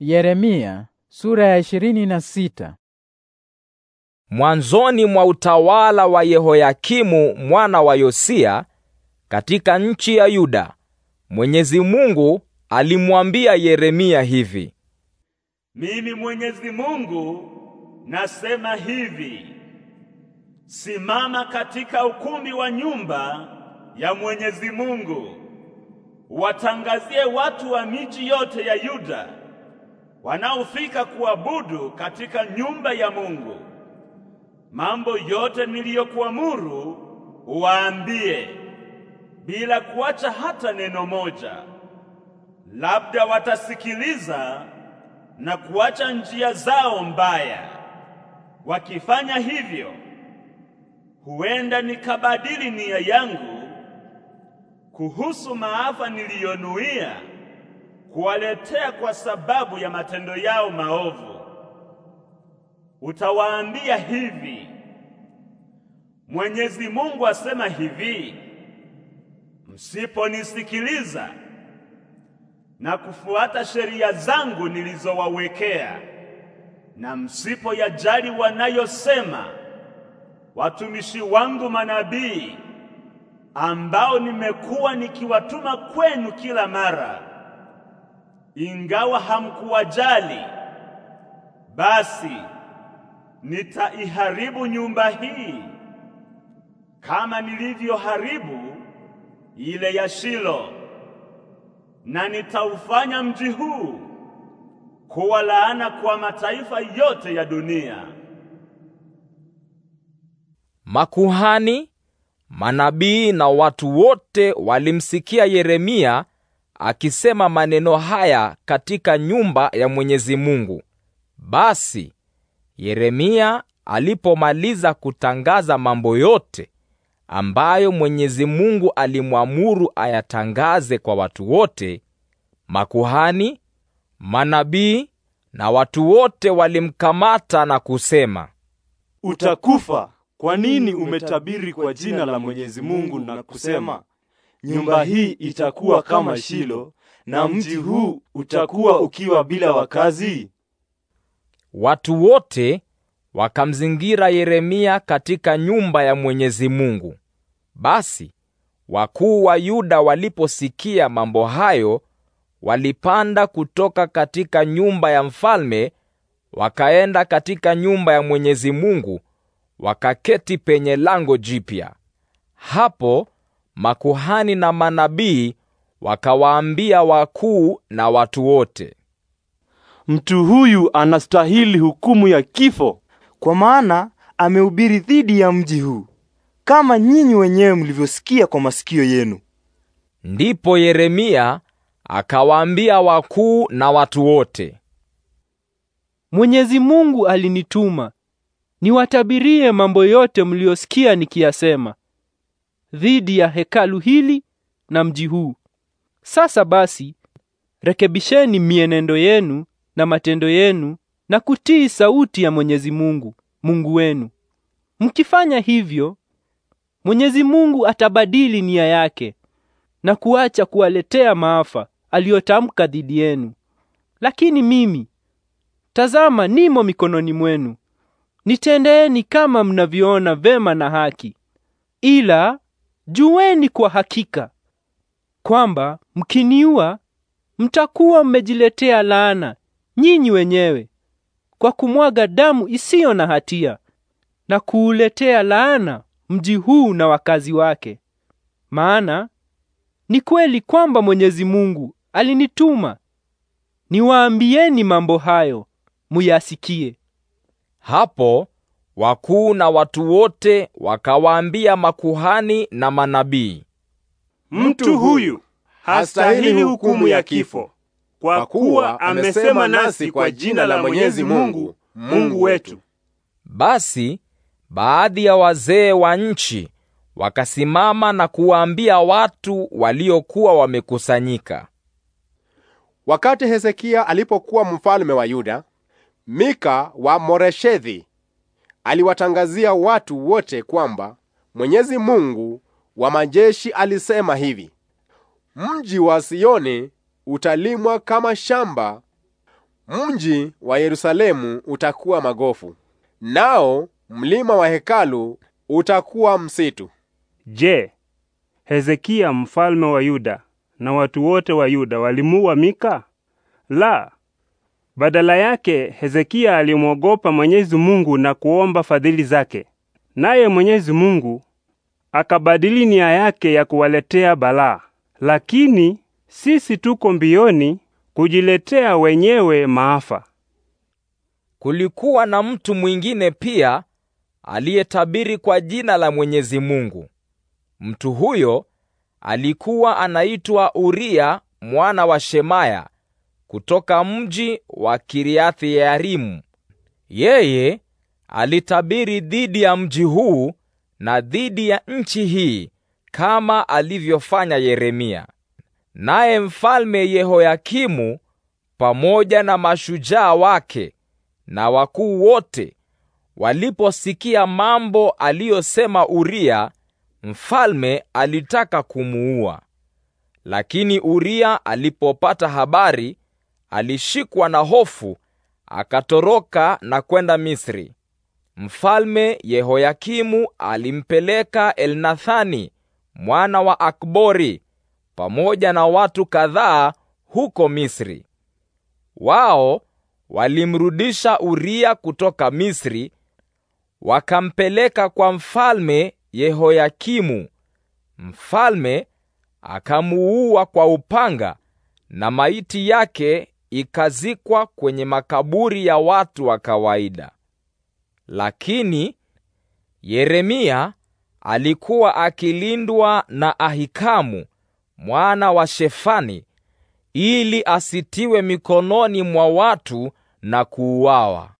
Yeremia sura ya ishirini na sita. Mwanzoni mwa utawala wa Yehoyakimu mwana wa Yosia katika nchi ya Yuda, Mwenyezi Mungu alimwambia Yeremia hivi: Mimi Mwenyezi Mungu nasema hivi, simama katika ukumbi wa nyumba ya Mwenyezi Mungu, watangazie watu wa miji yote ya Yuda wanaofika kuabudu katika nyumba ya Mungu, mambo yote niliyokuamuru uwaambie, bila kuacha hata neno moja. Labda watasikiliza na kuacha njia zao mbaya. Wakifanya hivyo, huenda nikabadili nia yangu kuhusu maafa niliyonuia kuwaletea kwa sababu ya matendo yao maovu. Utawaambia hivi, Mwenyezi Mungu asema hivi, msiponisikiliza na kufuata sheria zangu nilizowawekea na msipoyajali wanayosema watumishi wangu manabii ambao nimekuwa nikiwatuma kwenu kila mara ingawa hamkuwajali, basi nitaiharibu nyumba hii kama nilivyoharibu ile ya Shilo, na nitaufanya mji huu kuwa laana kwa mataifa yote ya dunia. Makuhani, manabii na watu wote walimsikia Yeremia akisema maneno haya katika nyumba ya Mwenyezi Mungu. Basi Yeremia alipomaliza kutangaza mambo yote ambayo Mwenyezi Mungu alimwamuru ayatangaze kwa watu wote, makuhani, manabii na watu wote walimkamata na kusema, "Utakufa! Kwa nini umetabiri kwa jina la Mwenyezi Mungu na kusema nyumba hii itakuwa kama Shilo na mji huu utakuwa ukiwa bila wakazi? Watu wote wakamzingira Yeremia katika nyumba ya Mwenyezi Mungu. Basi wakuu wa Yuda waliposikia mambo hayo, walipanda kutoka katika nyumba ya mfalme wakaenda katika nyumba ya Mwenyezi Mungu wakaketi penye lango jipya. Hapo makuhani na manabii wakawaambia wakuu na watu wote, mtu huyu anastahili hukumu ya kifo, kwa maana amehubiri dhidi ya mji huu, kama nyinyi wenyewe mlivyosikia kwa masikio yenu. Ndipo Yeremia akawaambia wakuu na watu wote, Mwenyezi Mungu alinituma niwatabirie mambo yote mliosikia nikiyasema dhidi ya hekalu hili na mji huu. Sasa basi, rekebisheni mienendo yenu na matendo yenu na kutii sauti ya Mwenyezi Mungu, Mungu wenu. Mkifanya hivyo, Mwenyezi Mungu atabadili nia yake na kuacha kuwaletea maafa aliyotamka dhidi yenu. Lakini mimi, tazama, nimo mikononi mwenu. Nitendeeni kama mnavyoona vema na haki. Ila Jueni kwa hakika kwamba mkiniua mtakuwa mmejiletea laana nyinyi wenyewe kwa kumwaga damu isiyo na hatia na kuuletea laana mji huu na wakazi wake. Maana ni kweli kwamba Mwenyezi Mungu alinituma niwaambieni mambo hayo muyasikie. Hapo wakuu na watu wote wakawaambia makuhani na manabii, mtu huyu hastahili hukumu ya kifo, kwa kuwa amesema nasi kwa jina la Mwenyezi Mungu, Mungu wetu. Basi baadhi ya wazee wa nchi wakasimama na kuwaambia watu waliokuwa wamekusanyika, wakati Hezekia alipokuwa mfalme wa Yuda, Mika wa Moreshethi aliwatangazia watu wote kwamba Mwenyezi Mungu wa majeshi alisema hivi: mji wa Sioni utalimwa kama shamba, mji wa Yerusalemu utakuwa magofu, nao mlima wa hekalu utakuwa msitu. Je, Hezekia mfalme wa Yuda na watu wote wa Yuda walimuua Mika? La, badala yake Hezekia alimwogopa Mwenyezi Mungu na kuomba fadhili zake. Naye Mwenyezi Mungu akabadili nia yake ya kuwaletea balaa. Lakini sisi tuko mbioni kujiletea wenyewe maafa. Kulikuwa na mtu mwingine pia aliyetabiri kwa jina la Mwenyezi Mungu. Mtu huyo alikuwa anaitwa Uria mwana wa Shemaya kutoka mji wa Kiriathi Yearimu. Yeye alitabiri dhidi ya mji huu na dhidi ya nchi hii kama alivyofanya Yeremia. Naye mfalme Yehoyakimu pamoja na mashujaa wake na wakuu wote waliposikia mambo aliyosema Uria, mfalme alitaka kumuua. Lakini Uria alipopata habari alishikwa na hofu akatoroka na kwenda Misri. Mfalme Yehoyakimu alimpeleka Elnathani mwana wa Akbori pamoja na watu kadhaa huko Misri. Wao walimrudisha Uria kutoka Misri wakampeleka kwa mfalme Yehoyakimu. Mfalme akamuua kwa upanga na maiti yake ikazikwa kwenye makaburi ya watu wa kawaida. Lakini Yeremia alikuwa akilindwa na Ahikamu mwana wa Shefani ili asitiwe mikononi mwa watu na kuuawa.